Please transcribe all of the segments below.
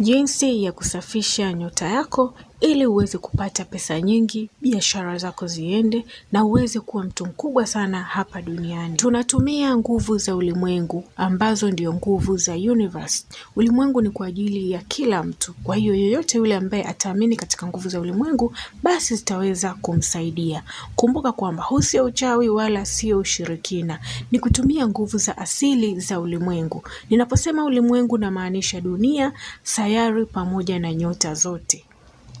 Jinsi ya kusafisha nyota yako ili uweze kupata pesa nyingi, biashara zako ziende na uweze kuwa mtu mkubwa sana hapa duniani. Tunatumia nguvu za ulimwengu ambazo ndio nguvu za universe. Ulimwengu ni kwa ajili ya kila mtu, kwa hiyo yoyote yule ambaye ataamini katika nguvu za ulimwengu, basi zitaweza kumsaidia. Kumbuka kwamba huu sio uchawi wala sio ushirikina, ni kutumia nguvu za asili za ulimwengu. Ninaposema ulimwengu, namaanisha dunia, sayari pamoja na nyota zote.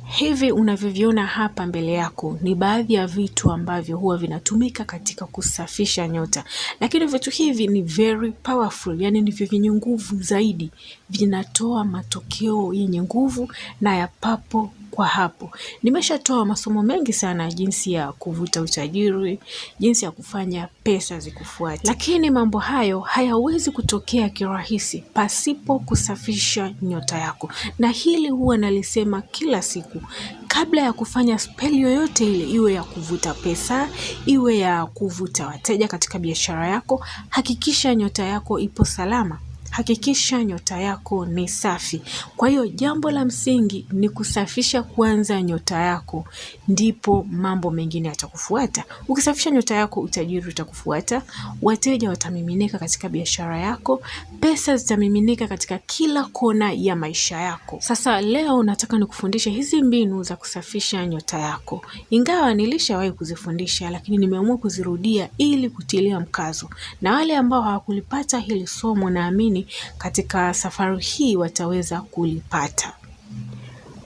Hivi unavyoviona hapa mbele yako ni baadhi ya vitu ambavyo huwa vinatumika katika kusafisha nyota, lakini vitu hivi ni very powerful, yani ndivyo vyenye nguvu zaidi, vinatoa matokeo yenye nguvu na ya papo kwa hapo nimeshatoa masomo mengi sana, jinsi ya kuvuta utajiri, jinsi ya kufanya pesa zikufuate. Lakini mambo hayo hayawezi kutokea kirahisi pasipo kusafisha nyota yako, na hili huwa nalisema kila siku kabla ya kufanya speli yoyote ile, iwe ya kuvuta pesa, iwe ya kuvuta wateja katika biashara yako, hakikisha nyota yako ipo salama hakikisha nyota yako ni safi. Kwa hiyo jambo la msingi ni kusafisha kwanza nyota yako, ndipo mambo mengine yatakufuata. Ukisafisha nyota yako, utajiri utakufuata, wateja watamiminika katika biashara yako, pesa zitamiminika katika kila kona ya maisha yako. Sasa leo nataka nikufundishe hizi mbinu za kusafisha nyota yako, ingawa nilishawahi kuzifundisha, lakini nimeamua kuzirudia ili kutilia mkazo, na wale ambao hawakulipata hili somo, naamini katika safari hii wataweza kulipata.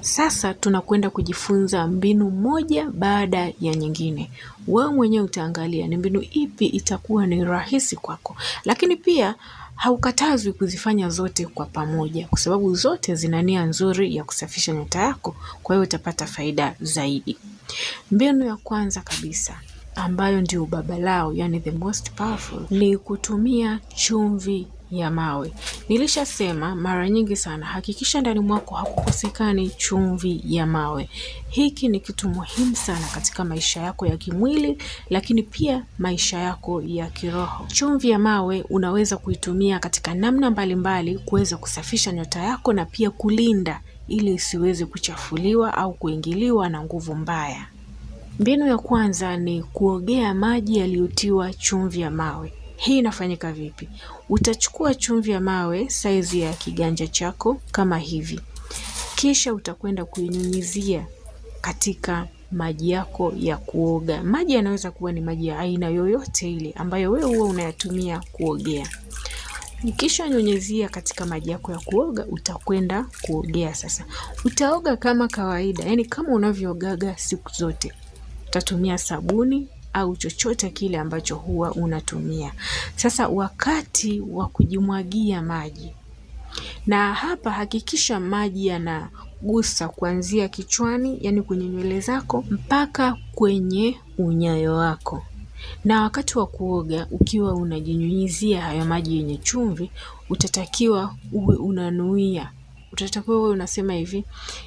Sasa tunakwenda kujifunza mbinu moja baada ya nyingine. Wewe mwenyewe utaangalia ni mbinu ipi itakuwa ni rahisi kwako, lakini pia haukatazwi kuzifanya zote kwa pamoja, kwa sababu zote zina nia nzuri ya kusafisha nyota yako. Kwa hiyo utapata faida zaidi. Mbinu ya kwanza kabisa ambayo ndio baba lao, yani the most powerful, ni kutumia chumvi ya mawe. Nilishasema mara nyingi sana, hakikisha ndani mwako hakukosekani chumvi ya mawe. Hiki ni kitu muhimu sana katika maisha yako ya kimwili, lakini pia maisha yako ya kiroho. Chumvi ya mawe unaweza kuitumia katika namna mbalimbali kuweza kusafisha nyota yako na pia kulinda ili isiweze kuchafuliwa au kuingiliwa na nguvu mbaya. Mbinu ya kwanza ni kuogea maji yaliyotiwa chumvi ya mawe. Hii inafanyika vipi? Utachukua chumvi ya mawe saizi ya kiganja chako kama hivi, kisha utakwenda kuinyunyizia katika maji yako ya kuoga. Maji yanaweza kuwa ni maji ya aina yoyote ile ambayo wewe huwa unayatumia kuogea. Ukisha nyunyizia katika maji yako ya kuoga, utakwenda kuogea sasa. Utaoga kama kawaida, yani kama unavyoogaga siku zote. Utatumia sabuni au chochote kile ambacho huwa unatumia. Sasa wakati wa kujimwagia maji, na hapa hakikisha maji yanagusa kuanzia kichwani, yani kwenye nywele zako mpaka kwenye unyayo wako. Na wakati wa kuoga ukiwa unajinyunyizia hayo maji yenye chumvi, utatakiwa uwe unanuia utatakiwa wewe unasema hivi,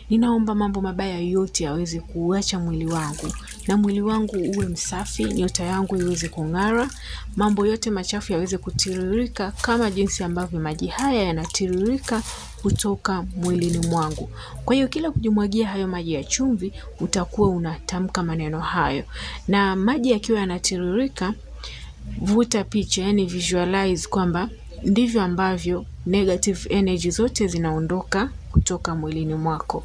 ninaomba mambo mabaya yote yaweze kuacha mwili wangu na mwili wangu uwe msafi, nyota yangu iweze kung'ara, mambo yote machafu yaweze kutiririka kama jinsi ambavyo maji haya yanatiririka kutoka mwilini mwangu. Kwa hiyo kila kujimwagia hayo maji ya chumvi, utakuwa unatamka maneno hayo, na maji yakiwa yanatiririka, vuta picha, yani visualize kwamba ndivyo ambavyo negative energy zote zinaondoka kutoka mwilini mwako.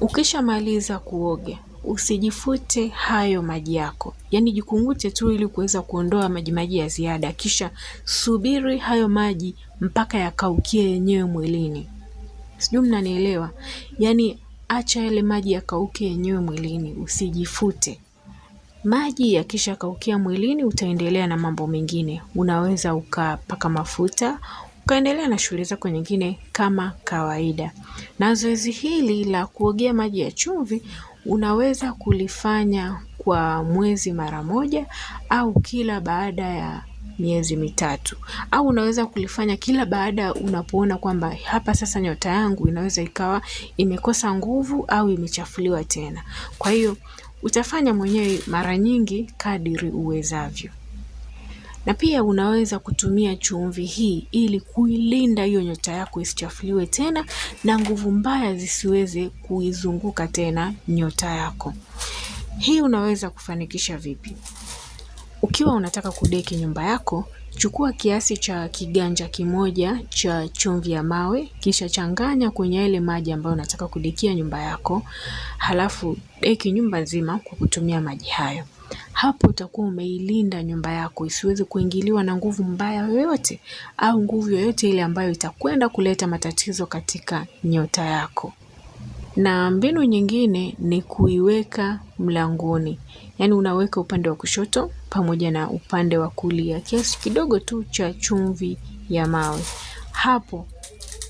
Ukishamaliza kuoga usijifute hayo maji yako, yaani jikungute tu ili kuweza kuondoa majimaji ya ziada, kisha subiri hayo maji mpaka yakaukie yenyewe mwilini. Sijui mnanielewa? Yaani acha yale maji yakauke yenyewe mwilini, usijifute. Maji yakisha kaukia mwilini, utaendelea na mambo mengine. Unaweza ukapaka mafuta, ukaendelea na shughuli zako nyingine kama kawaida. Na zoezi hili la kuogea maji ya chumvi unaweza kulifanya kwa mwezi mara moja au kila baada ya miezi mitatu au unaweza kulifanya kila baada unapoona kwamba hapa sasa nyota yangu inaweza ikawa imekosa nguvu au imechafuliwa tena. Kwa hiyo utafanya mwenyewe mara nyingi kadiri uwezavyo na pia unaweza kutumia chumvi hii ili kuilinda hiyo nyota yako isichafuliwe tena na nguvu mbaya zisiweze kuizunguka tena nyota yako. Hii unaweza kufanikisha vipi? Ukiwa unataka kudeki nyumba yako, chukua kiasi cha kiganja kimoja cha chumvi ya mawe, kisha changanya kwenye yale maji ambayo unataka kudekia nyumba yako, halafu deki nyumba nzima kwa kutumia maji hayo. Hapo utakuwa umeilinda nyumba yako isiweze kuingiliwa na nguvu mbaya yoyote au nguvu yoyote ile ambayo itakwenda kuleta matatizo katika nyota yako. Na mbinu nyingine ni kuiweka mlangoni, yaani unaweka upande wa kushoto pamoja na upande wa kulia kiasi kidogo tu cha chumvi ya mawe. Hapo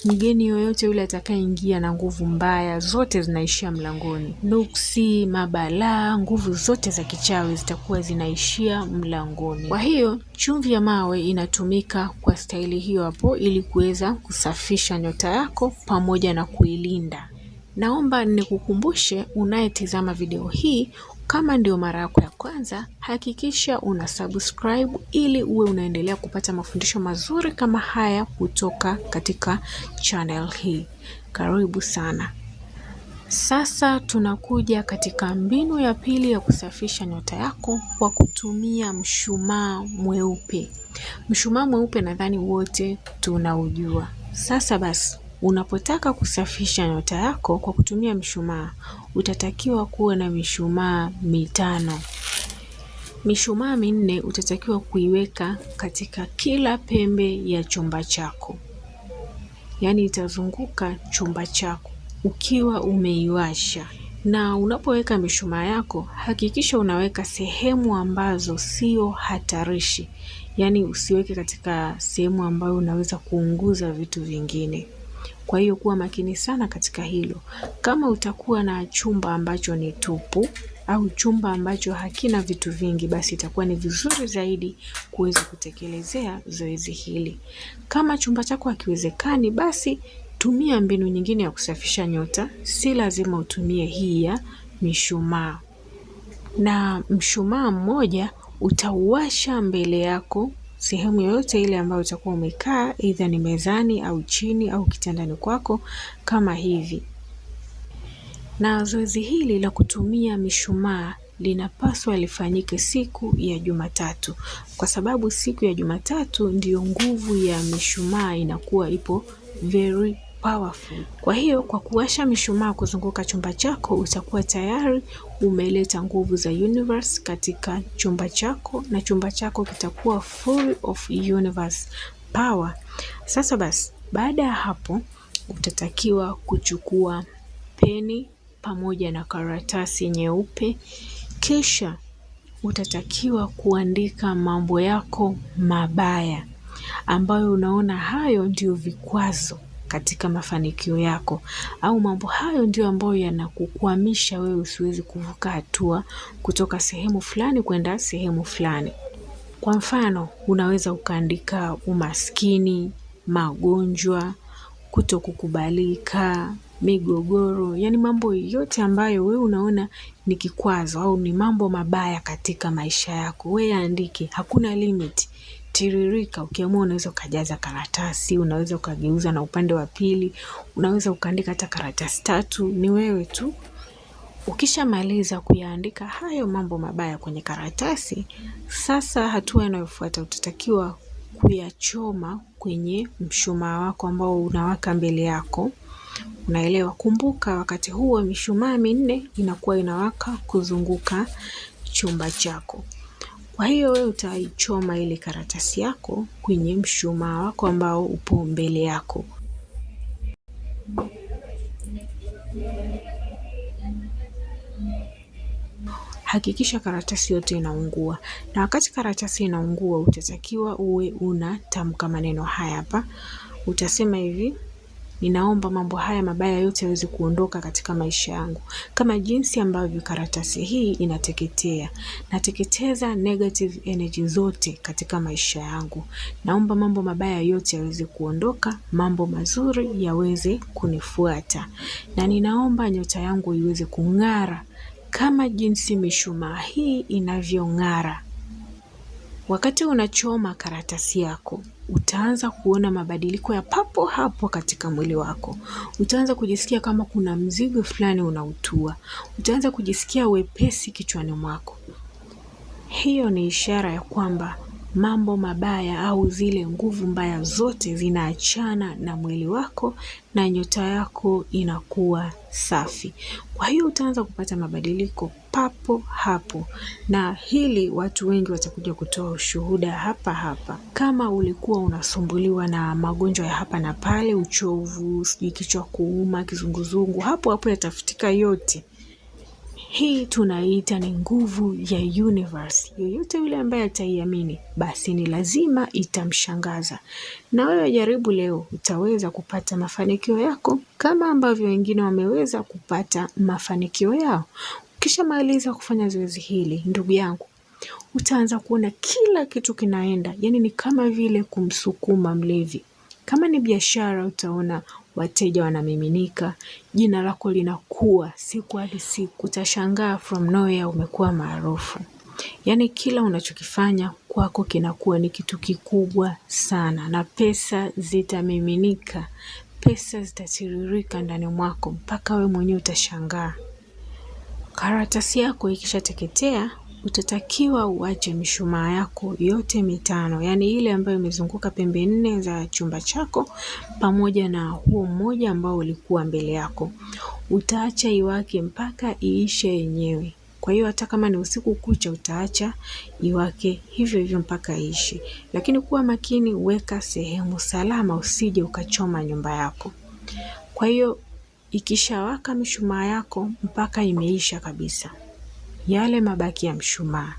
Mgeni yoyote yule atakayeingia na nguvu mbaya zote zinaishia mlangoni. Nuksi, mabalaa, nguvu zote za kichawi zitakuwa zinaishia mlangoni. Kwa hiyo chumvi ya mawe inatumika kwa staili hiyo hapo, ili kuweza kusafisha nyota yako pamoja na kuilinda. Naomba nikukumbushe unayetizama video hii kama ndio mara yako ya kwanza, hakikisha una subscribe ili uwe unaendelea kupata mafundisho mazuri kama haya kutoka katika channel hii. Karibu sana. Sasa tunakuja katika mbinu ya pili ya kusafisha nyota yako kwa kutumia mshumaa mweupe. Mshumaa mweupe nadhani wote tunaujua. Sasa basi, unapotaka kusafisha nyota yako kwa kutumia mshumaa, utatakiwa kuwa na mishumaa mitano. Mishumaa minne utatakiwa kuiweka katika kila pembe ya chumba chako, yaani itazunguka chumba chako ukiwa umeiwasha. Na unapoweka mishumaa yako hakikisha unaweka sehemu ambazo sio hatarishi, yaani usiweke katika sehemu ambayo unaweza kuunguza vitu vingine. Kwa hiyo kuwa makini sana katika hilo. Kama utakuwa na chumba ambacho ni tupu au chumba ambacho hakina vitu vingi, basi itakuwa ni vizuri zaidi kuweza kutekelezea zoezi hili. Kama chumba chako hakiwezekani, basi tumia mbinu nyingine ya kusafisha nyota, si lazima utumie hii ya mishumaa. Na mshumaa mmoja utauwasha mbele yako sehemu yoyote ile ambayo utakuwa umekaa, aidha ni mezani au chini au kitandani kwako kama hivi. Na zoezi hili la kutumia mishumaa linapaswa lifanyike siku ya Jumatatu, kwa sababu siku ya Jumatatu ndiyo nguvu ya mishumaa inakuwa ipo very powerful. Kwa hiyo kwa kuwasha mishumaa kuzunguka chumba chako utakuwa tayari umeleta nguvu za universe katika chumba chako na chumba chako kitakuwa full of universe power. Sasa basi, baada ya hapo utatakiwa kuchukua peni pamoja na karatasi nyeupe, kisha utatakiwa kuandika mambo yako mabaya ambayo unaona hayo ndiyo vikwazo katika mafanikio yako, au mambo hayo ndio ambayo yanakukwamisha wewe usiwezi kuvuka hatua kutoka sehemu fulani kwenda sehemu fulani. Kwa mfano, unaweza ukaandika umaskini, magonjwa, kutokukubalika, migogoro, yaani mambo yote ambayo wewe unaona ni kikwazo au ni mambo mabaya katika maisha yako, wewe andike. Hakuna limit tiririka. Ukiamua unaweza ukajaza karatasi, unaweza ukageuza na upande wa pili, unaweza ukaandika hata karatasi tatu. Ni wewe tu. Ukishamaliza kuyaandika hayo mambo mabaya kwenye karatasi, sasa hatua inayofuata utatakiwa kuyachoma kwenye mshumaa wako ambao unawaka mbele yako. Unaelewa? Kumbuka wakati huo mishumaa minne inakuwa inawaka kuzunguka chumba chako. Kwa hiyo wewe utaichoma ile karatasi yako kwenye mshumaa wako ambao upo mbele yako. Hakikisha karatasi yote inaungua, na wakati karatasi inaungua, utatakiwa uwe unatamka maneno haya hapa. Utasema hivi: Ninaomba mambo haya mabaya yote yaweze kuondoka katika maisha yangu, kama jinsi ambavyo karatasi hii inateketea. Nateketeza negative energy zote katika maisha yangu. Naomba mambo mabaya yote yaweze kuondoka, mambo mazuri yaweze kunifuata, na ninaomba nyota yangu iweze kung'ara kama jinsi mishumaa hii inavyong'ara. Wakati unachoma karatasi yako, utaanza kuona mabadiliko ya papo hapo katika mwili wako. Utaanza kujisikia kama kuna mzigo fulani unautua, utaanza kujisikia wepesi kichwani mwako. Hiyo ni ishara ya kwamba mambo mabaya au zile nguvu mbaya zote zinaachana na mwili wako na nyota yako inakuwa safi. Kwa hiyo utaanza kupata mabadiliko papo hapo, na hili watu wengi watakuja kutoa ushuhuda hapa hapa. Kama ulikuwa unasumbuliwa na magonjwa ya hapa na pale, uchovu, sijui kichwa kuuma, kizunguzungu, hapo hapo yatafutika yote. Hii tunaita ni nguvu ya universe. Yoyote yule ambaye ataiamini, basi ni lazima itamshangaza. Na wewe jaribu leo, utaweza kupata mafanikio yako kama ambavyo wengine wameweza kupata mafanikio yao. Kisha maliza kufanya zoezi hili, ndugu yangu, utaanza kuona kila kitu kinaenda, yaani ni kama vile kumsukuma mlevi. Kama ni biashara, utaona wateja wanamiminika, jina lako linakuwa siku hadi siku, utashangaa from nowhere umekuwa maarufu. Yaani kila unachokifanya kwako kinakuwa ni kitu kikubwa sana, na pesa zitamiminika, pesa zitatiririka ndani mwako mpaka we mwenyewe utashangaa. Karatasi yako ikishateketea utatakiwa uache mishumaa yako yote mitano, yaani ile ambayo imezunguka pembe nne za chumba chako pamoja na huo mmoja ambao ulikuwa mbele yako. Utaacha iwake mpaka iishe yenyewe. Kwa hiyo hata kama ni usiku kucha, utaacha iwake hivyo hivyo mpaka iishe. Lakini kuwa makini, weka sehemu salama, usije ukachoma nyumba yako. Kwa hiyo Ikishawaka mishumaa yako mpaka imeisha kabisa, yale mabaki ya mshumaa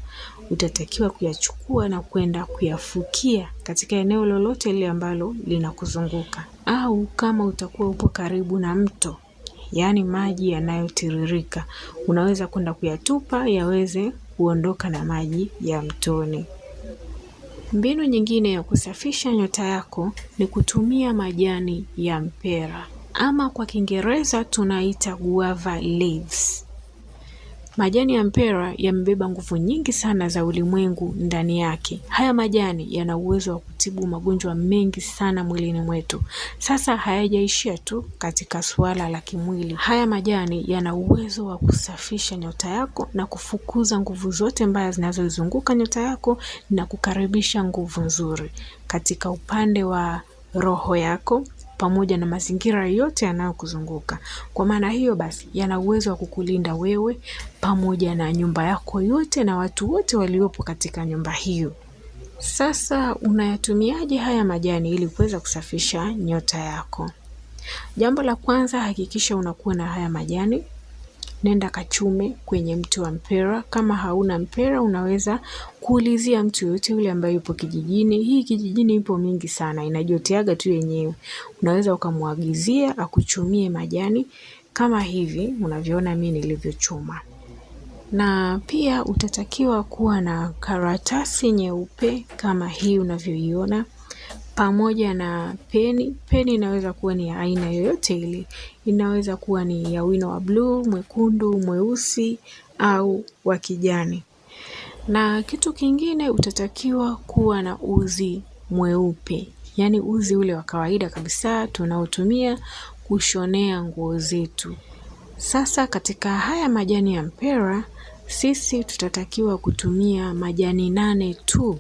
utatakiwa kuyachukua na kwenda kuyafukia katika eneo lolote lile ambalo linakuzunguka, au kama utakuwa upo karibu na mto, yaani maji yanayotiririka, unaweza kwenda kuyatupa yaweze kuondoka na maji ya mtoni. Mbinu nyingine ya kusafisha nyota yako ni kutumia majani ya mpera ama kwa Kiingereza tunaita guava leaves. Majani ya mpera yamebeba nguvu nyingi sana za ulimwengu ndani yake. Haya majani yana uwezo wa kutibu magonjwa mengi sana mwilini mwetu. Sasa hayajaishia tu katika suala la kimwili. Haya majani yana uwezo wa kusafisha nyota yako na kufukuza nguvu zote mbaya zinazozunguka nyota yako na kukaribisha nguvu nzuri. Katika upande wa roho yako pamoja na mazingira yote yanayokuzunguka. Kwa maana hiyo basi, yana uwezo wa kukulinda wewe pamoja na nyumba yako yote na watu wote waliopo katika nyumba hiyo. Sasa unayatumiaje haya majani ili kuweza kusafisha nyota yako? Jambo la kwanza, hakikisha unakuwa na haya majani nenda kachume kwenye mti wa mpera. Kama hauna mpera, unaweza kuulizia mtu yoyote yule ambaye yupo kijijini. Hii kijijini ipo mingi sana, inajoteaga tu yenyewe. Unaweza ukamwagizia akuchumie majani kama hivi unavyoona mimi nilivyochuma na pia utatakiwa kuwa na karatasi nyeupe kama hii unavyoiona, pamoja na peni. Peni inaweza kuwa ni ya aina yoyote ile, inaweza kuwa ni ya wino wa bluu, mwekundu, mweusi au wa kijani. Na kitu kingine utatakiwa kuwa na uzi mweupe, yaani uzi ule wa kawaida kabisa tunaotumia kushonea nguo zetu. Sasa katika haya majani ya mpera, sisi tutatakiwa kutumia majani nane tu.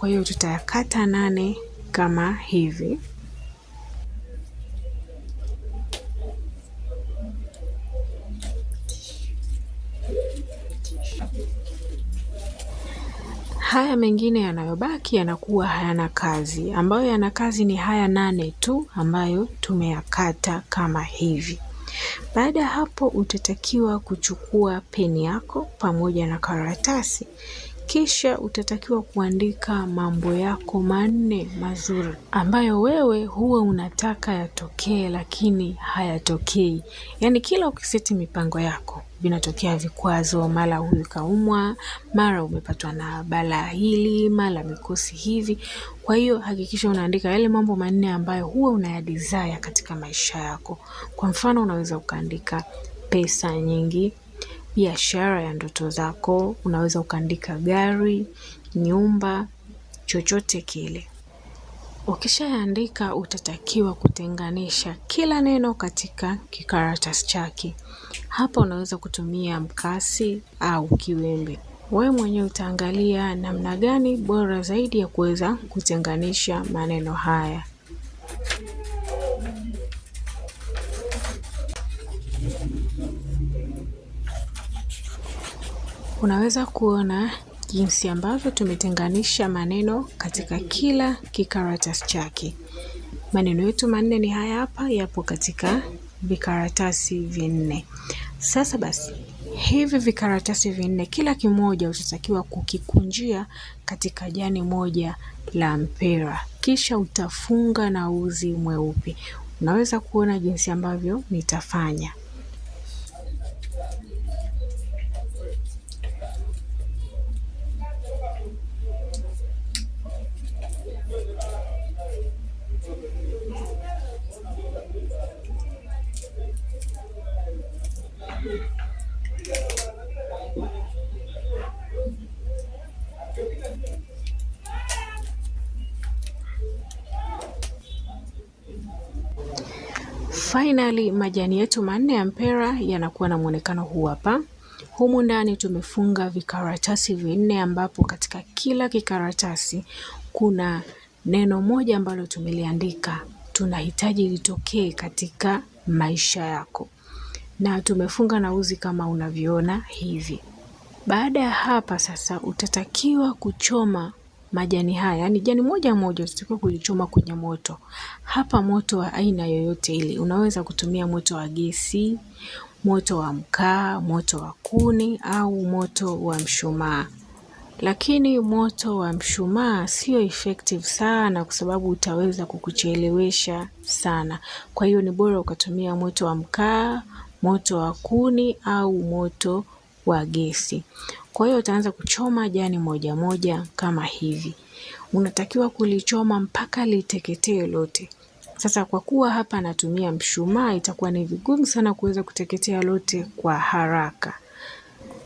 Kwa hiyo tutayakata nane kama hivi. Haya mengine yanayobaki yanakuwa hayana kazi, ambayo yana kazi ni haya nane tu ambayo tumeyakata kama hivi. Baada ya hapo, utatakiwa kuchukua peni yako pamoja na karatasi kisha utatakiwa kuandika mambo yako manne mazuri ambayo wewe huwa unataka yatokee, lakini hayatokei. Yaani kila ukiseti mipango yako vinatokea vikwazo, mara huyu kaumwa, mara umepatwa na bala hili, mara mikosi hivi. Kwa hiyo hakikisha unaandika yale mambo manne ambayo huwa unayadesire katika maisha yako. Kwa mfano, unaweza ukaandika pesa nyingi, biashara ya ndoto zako. Unaweza ukaandika gari, nyumba, chochote kile. Ukishaandika utatakiwa kutenganisha kila neno katika kikaratasi chake. Hapa unaweza kutumia mkasi au kiwembe. Wewe mwenyewe utaangalia namna gani bora zaidi ya kuweza kutenganisha maneno haya. Unaweza kuona jinsi ambavyo tumetenganisha maneno katika kila kikaratasi chake. Maneno yetu manne ni haya hapa, yapo katika vikaratasi vinne. Sasa basi, hivi vikaratasi vinne, kila kimoja utatakiwa kukikunjia katika jani moja la mpira kisha utafunga na uzi mweupe. Unaweza kuona jinsi ambavyo nitafanya. Finally, majani yetu manne ya mpera yanakuwa na mwonekano huu hapa. Humu ndani tumefunga vikaratasi vinne, ambapo katika kila kikaratasi kuna neno moja ambalo tumeliandika tunahitaji litokee katika maisha yako, na tumefunga na uzi kama unavyoona hivi. Baada ya hapa sasa, utatakiwa kuchoma majani haya, yani jani moja moja, usitakiwe kulichoma kwenye moto. Hapa moto wa aina yoyote ile, unaweza kutumia moto wa gesi, moto wa mkaa, moto wa kuni au moto wa mshumaa. Lakini moto wa mshumaa sio effective sana, kwa sababu utaweza kukuchelewesha sana. Kwa hiyo ni bora ukatumia moto wa mkaa, moto wa kuni au moto wa gesi. Kwa hiyo utaanza kuchoma jani moja moja kama hivi. Unatakiwa kulichoma mpaka liteketee lote. Sasa kwa kuwa hapa natumia mshumaa, itakuwa ni vigumu sana kuweza kuteketea lote kwa haraka.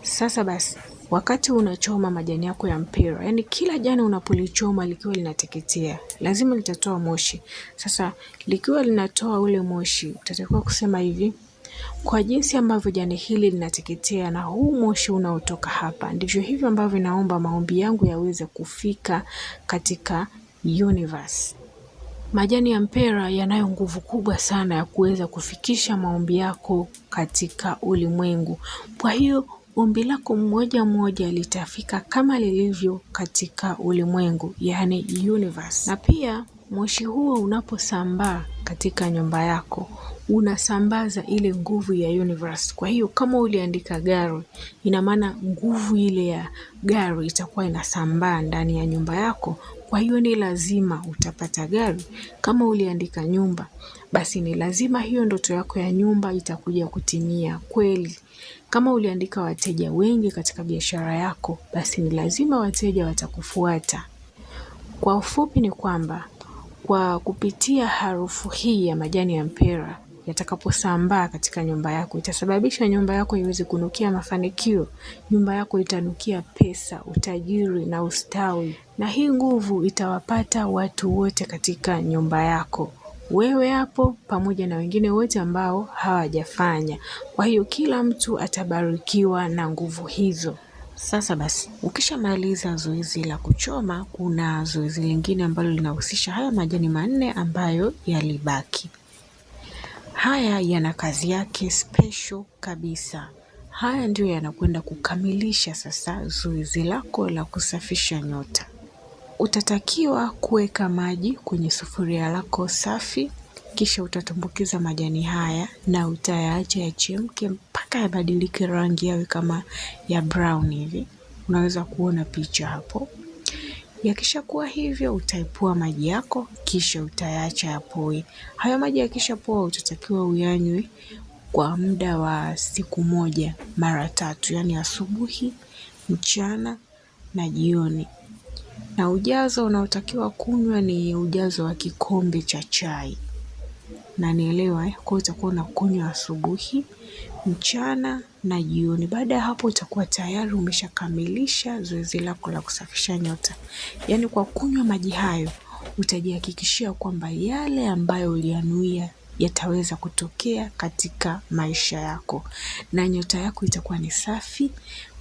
Sasa basi, wakati unachoma majani yako ya mpira yani kila jani unapolichoma likiwa linateketea, lazima litatoa moshi. Sasa likiwa linatoa ule moshi, utatakiwa kusema hivi kwa jinsi ambavyo jani hili linateketea na huu moshi unaotoka hapa, ndivyo hivyo ambavyo naomba maombi yangu yaweze kufika katika universe. Majani ya mpera yanayo nguvu kubwa sana ya kuweza kufikisha maombi yako katika ulimwengu. Kwa hiyo ombi lako mmoja mmoja litafika kama lilivyo katika ulimwengu, yani universe. Na pia moshi huo unaposambaa katika nyumba yako unasambaza ile nguvu ya universe. Kwa hiyo kama uliandika gari, ina maana nguvu ile ya gari itakuwa inasambaa ndani ya nyumba yako. Kwa hiyo ni lazima utapata gari. Kama uliandika nyumba, basi ni lazima hiyo ndoto yako ya nyumba itakuja kutimia kweli. Kama uliandika wateja wengi katika biashara yako, basi ni lazima wateja watakufuata. Kwa ufupi ni kwamba kwa kupitia harufu hii ya majani ya mpera yatakaposambaa katika nyumba yako, itasababisha nyumba yako iweze kunukia mafanikio, nyumba yako itanukia pesa, utajiri na ustawi. Na hii nguvu itawapata watu wote katika nyumba yako, wewe hapo pamoja na wengine wote ambao hawajafanya. Kwa hiyo kila mtu atabarikiwa na nguvu hizo. Sasa basi, ukishamaliza zoezi la kuchoma, kuna zoezi lingine ambalo linahusisha haya majani manne ambayo yalibaki. Haya yana kazi yake special kabisa. Haya ndiyo yanakwenda kukamilisha sasa zoezi lako la kusafisha nyota. Utatakiwa kuweka maji kwenye sufuria lako safi, kisha utatumbukiza majani haya na utayaacha yachemke mpaka yabadilike rangi, yawe kama ya brown hivi. Unaweza kuona picha hapo. Yakishakuwa hivyo, utaipua maji yako, kisha utayacha yapoe. Hayo maji yakishapoa, utatakiwa uyanywe kwa muda wa siku moja mara tatu, yaani asubuhi, mchana na jioni. Na ujazo unaotakiwa kunywa ni ujazo wa kikombe cha chai, na eh? Kwa hiyo utakuwa unakunywa asubuhi, mchana na jioni. Baada ya hapo utakuwa tayari umeshakamilisha zoezi lako la kusafisha nyota. Yaani kwa kunywa maji hayo utajihakikishia kwamba yale ambayo ulianuia yataweza kutokea katika maisha yako, na nyota yako itakuwa ni safi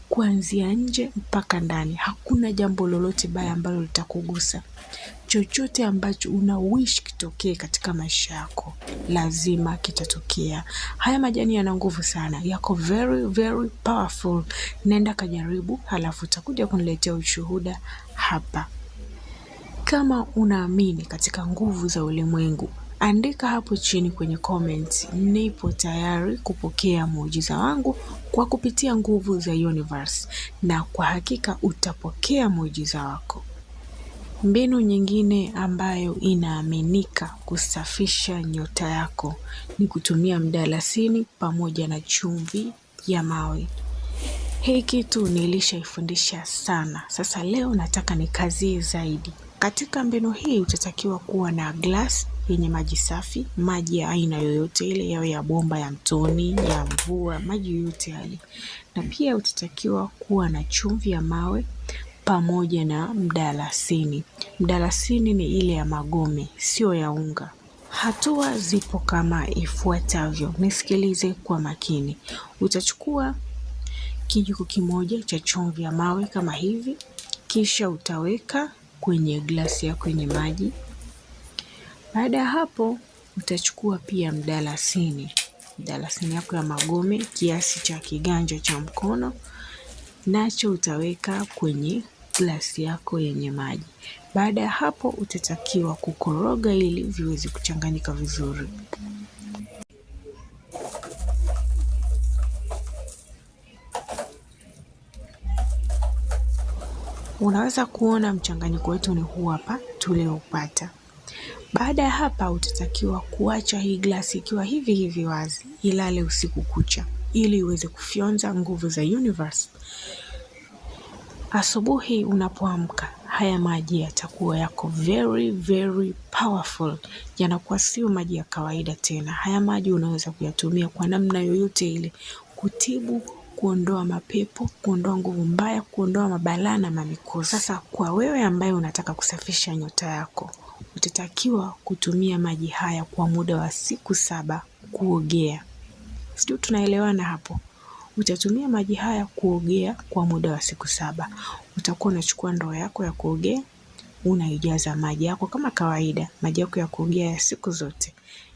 kuanzia nje mpaka ndani. Hakuna jambo lolote baya ambalo litakugusa chochote ambacho una wish kitokee katika maisha yako lazima kitatokea. Haya majani yana nguvu sana, yako very very powerful. Nenda kajaribu, halafu utakuja kuniletea ushuhuda hapa. Kama unaamini katika nguvu za ulimwengu, andika hapo chini kwenye comment, nipo tayari kupokea muujiza wangu kwa kupitia nguvu za universe, na kwa hakika utapokea muujiza wako. Mbinu nyingine ambayo inaaminika kusafisha nyota yako ni kutumia mdalasini pamoja na chumvi ya mawe. Hii kitu nilishaifundisha sana, sasa leo nataka nikazie zaidi. Katika mbinu hii utatakiwa kuwa na glasi yenye maji safi, maji ya aina yoyote ile, yawe ya bomba, ya mtoni, ya mvua, maji yoyote yale, na pia utatakiwa kuwa na chumvi ya mawe pamoja na mdalasini. Mdalasini ni ile ya magome, siyo ya unga. Hatua zipo kama ifuatavyo, nisikilize kwa makini. Utachukua kijiko kimoja cha chumvi ya mawe kama hivi, kisha utaweka kwenye glasi yako yenye maji. Baada ya hapo, utachukua pia mdalasini, mdalasini yako ya magome kiasi cha kiganja cha mkono, nacho utaweka kwenye glasi yako yenye maji. Baada ya hapo utatakiwa kukoroga ili viweze kuchanganyika vizuri. Unaweza kuona mchanganyiko wetu ni huu hapa tulioupata. Baada ya hapa utatakiwa kuacha hii glasi ikiwa hivi hivi wazi ilale usiku kucha ili iweze kufyonza nguvu za universe. Asubuhi unapoamka haya maji yatakuwa yako very very powerful, yanakuwa sio maji ya kawaida tena. Haya maji unaweza kuyatumia kwa namna yoyote ile, kutibu, kuondoa mapepo, kuondoa nguvu mbaya, kuondoa mabalaa na mamikosi. Sasa kwa wewe ambaye unataka kusafisha nyota yako, utatakiwa kutumia maji haya kwa muda wa siku saba kuogea. Sijui tunaelewana hapo? Utatumia maji haya kuogea kwa muda wa siku saba. Utakuwa unachukua ndoo yako ya kuogea unaijaza maji yako kama kawaida, maji yako ya kuogea ya siku zote.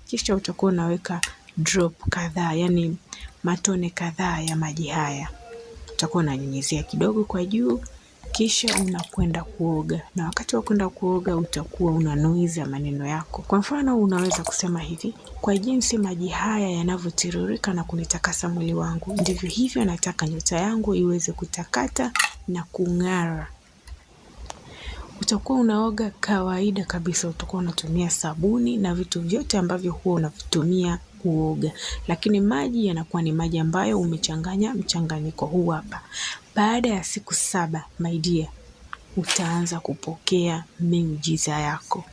Kisha utakuwa unaweka drop kadhaa, yani matone kadhaa ya maji haya. Utakuwa unanyunyizia kidogo kwa juu kisha unakwenda kuoga, na wakati wa kwenda kuoga utakuwa una noise ya maneno yako. Kwa mfano, unaweza kusema hivi: kwa jinsi maji haya yanavyotiririka na kunitakasa mwili wangu, ndivyo hivyo nataka nyota yangu iweze kutakata na kung'ara. Utakuwa unaoga kawaida kabisa, utakuwa unatumia sabuni na vitu vyote ambavyo huwa unavitumia kuoga, lakini maji yanakuwa ni maji ambayo umechanganya mchanganyiko huu hapa. Baada ya siku saba my dear, utaanza kupokea miujiza yako.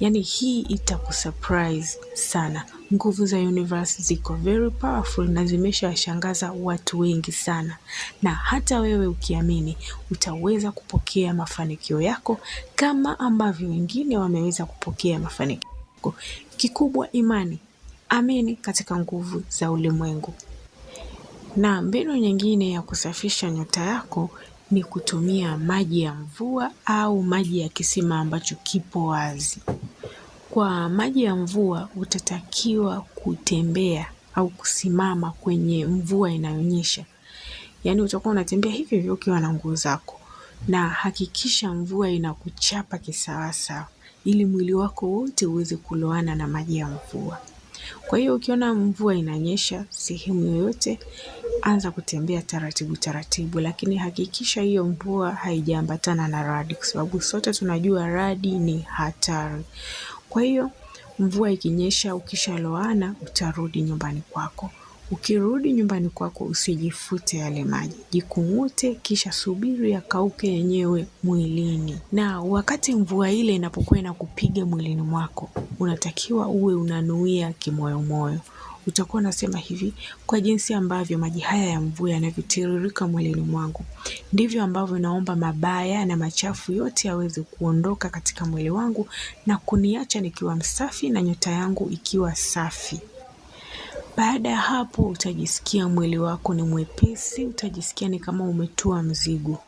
Yaani hii itakusurprise sana. Nguvu za universe ziko very powerful na zimeshawashangaza watu wengi sana, na hata wewe ukiamini utaweza kupokea mafanikio yako kama ambavyo wengine wameweza kupokea mafanikio yako. Kikubwa imani, amini katika nguvu za ulimwengu. Na mbinu nyingine ya kusafisha nyota yako ni kutumia maji ya mvua au maji ya kisima ambacho kipo wazi. Kwa maji ya mvua utatakiwa kutembea au kusimama kwenye mvua inayonyesha. Yaani utakuwa unatembea hivi hivi ukiwa na nguo zako. Na hakikisha mvua inakuchapa kisawasawa ili mwili wako wote uweze kuloana na maji ya mvua. Kwa hiyo ukiona mvua inanyesha sehemu yoyote, anza kutembea taratibu taratibu, lakini hakikisha hiyo mvua haijaambatana na radi, kwa sababu sote tunajua radi ni hatari. Kwa hiyo mvua ikinyesha, ukishaloana utarudi nyumbani kwako. Ukirudi nyumbani kwako usijifute yale maji, jikung'ute, kisha subiri yakauke yenyewe mwilini. Na wakati mvua ile inapokuwa inakupiga mwilini mwako, unatakiwa uwe unanuia kimoyomoyo. Utakuwa unasema hivi, kwa jinsi ambavyo maji haya ya mvua yanavyotiririka mwilini mwangu, ndivyo ambavyo naomba mabaya na machafu yote yaweze kuondoka katika mwili wangu na kuniacha nikiwa msafi na nyota yangu ikiwa safi. Baada ya hapo utajisikia mwili wako ni mwepesi, utajisikia ni kama umetua mzigo.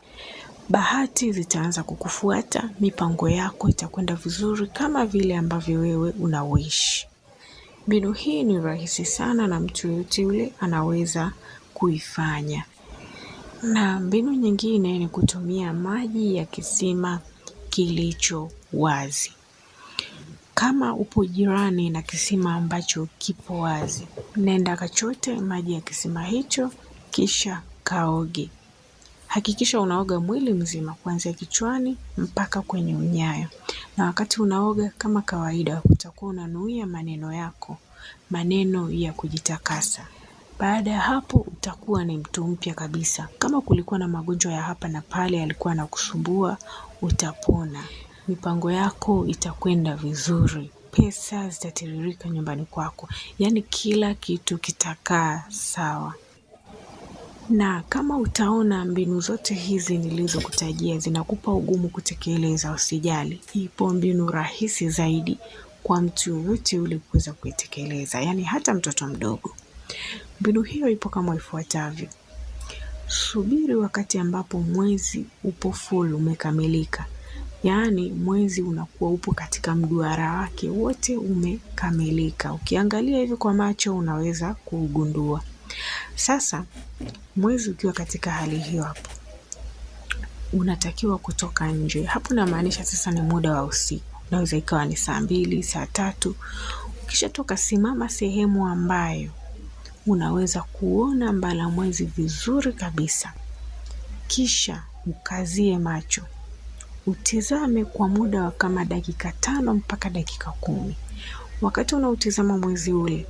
Bahati zitaanza kukufuata, mipango yako itakwenda vizuri kama vile ambavyo wewe unaoishi. Mbinu hii ni rahisi sana na mtu yoyote yule anaweza kuifanya. Na mbinu nyingine ni kutumia maji ya kisima kilicho wazi. Kama upo jirani na kisima ambacho kipo wazi, nenda kachote maji ya kisima hicho kisha kaoge. Hakikisha unaoga mwili mzima kuanzia kichwani mpaka kwenye unyayo, na wakati unaoga kama kawaida utakuwa unanuia maneno yako, maneno ya kujitakasa. Baada ya hapo utakuwa ni mtu mpya kabisa. Kama kulikuwa na magonjwa ya hapa na pale yalikuwa na kusumbua utapona mipango yako itakwenda vizuri, pesa zitatiririka nyumbani kwako, yaani kila kitu kitakaa sawa. Na kama utaona mbinu zote hizi nilizokutajia zinakupa ugumu kutekeleza, usijali, ipo mbinu rahisi zaidi kwa mtu yoyote yule kuweza kuitekeleza, yaani hata mtoto mdogo. Mbinu hiyo ipo kama ifuatavyo: subiri wakati ambapo mwezi upo full umekamilika, yaani mwezi unakuwa upo katika mduara wake wote umekamilika. Ukiangalia hivi kwa macho unaweza kuugundua. Sasa mwezi ukiwa katika hali hiyo hapo unatakiwa kutoka nje. Hapo namaanisha sasa ni muda wa usiku, naweza ikawa ni saa mbili, saa tatu. Ukishatoka simama sehemu ambayo unaweza kuona mbala mwezi vizuri kabisa, kisha ukazie macho utizame kwa muda wa kama dakika tano mpaka dakika kumi. Wakati unautizama mwezi ule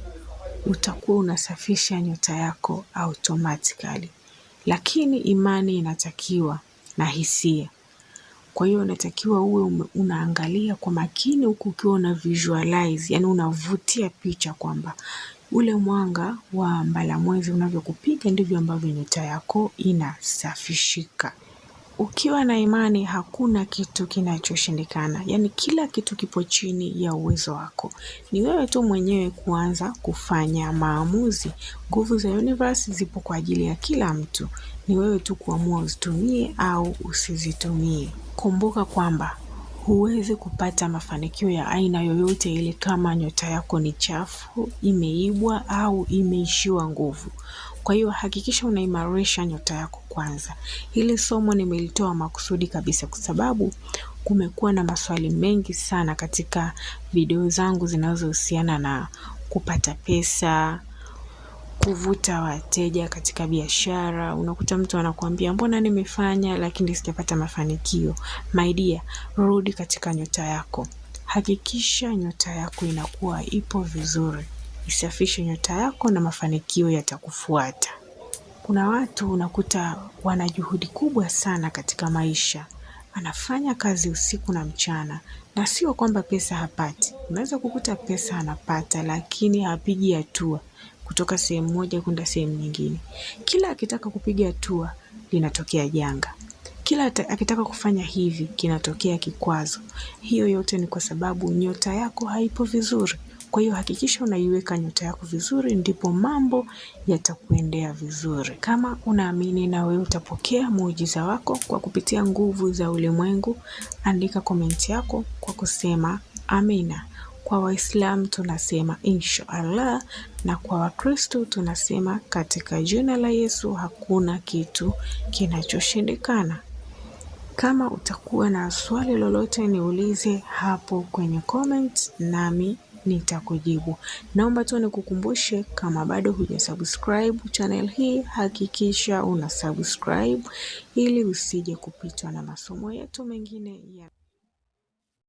utakuwa unasafisha nyota yako automatically, lakini imani inatakiwa na hisia. Kwa hiyo unatakiwa uwe unaangalia kwa makini huku ukiwa una visualize, yani unavutia picha kwamba ule mwanga wa mbalamwezi unavyokupiga ndivyo ambavyo nyota yako inasafishika. Ukiwa na imani hakuna kitu kinachoshindikana, yaani kila kitu kipo chini ya uwezo wako. Ni wewe tu mwenyewe kuanza kufanya maamuzi. Nguvu za universe zipo kwa ajili ya kila mtu, ni wewe tu kuamua uzitumie au usizitumie. Kumbuka kwamba huwezi kupata mafanikio ya aina yoyote ile kama nyota yako ni chafu, imeibwa au imeishiwa nguvu. Kwa hiyo hakikisha unaimarisha nyota yako kwanza. Hili somo nimelitoa makusudi kabisa kwa sababu kumekuwa na maswali mengi sana katika video zangu zinazohusiana na kupata pesa, kuvuta wateja katika biashara. Unakuta mtu anakuambia mbona nimefanya lakini sijapata mafanikio. My dear, rudi katika nyota yako. Hakikisha nyota yako inakuwa ipo vizuri isafishe nyota yako na mafanikio yatakufuata. Kuna watu unakuta wana juhudi kubwa sana katika maisha, anafanya kazi usiku na mchana, na sio kwamba pesa hapati. Unaweza kukuta pesa anapata, lakini hapigi hatua kutoka sehemu moja kwenda sehemu nyingine. Kila akitaka kupiga hatua linatokea janga, kila akitaka kufanya hivi kinatokea kikwazo. Hiyo yote ni kwa sababu nyota yako haipo vizuri. Kwa hiyo hakikisha unaiweka nyota yako vizuri, ndipo mambo yatakuendea vizuri. Kama unaamini na wewe utapokea muujiza wako kwa kupitia nguvu za ulimwengu, andika komenti yako kwa kusema amina. Kwa Waislamu tunasema insha Allah, na kwa Wakristo tunasema katika jina la Yesu hakuna kitu kinachoshindikana. Kama utakuwa na swali lolote niulize hapo kwenye comment, nami nitakujibu. Naomba tu nikukumbushe, kama bado hujasubscribe channel hii, hakikisha una subscribe ili usije kupitwa na masomo yetu mengine ya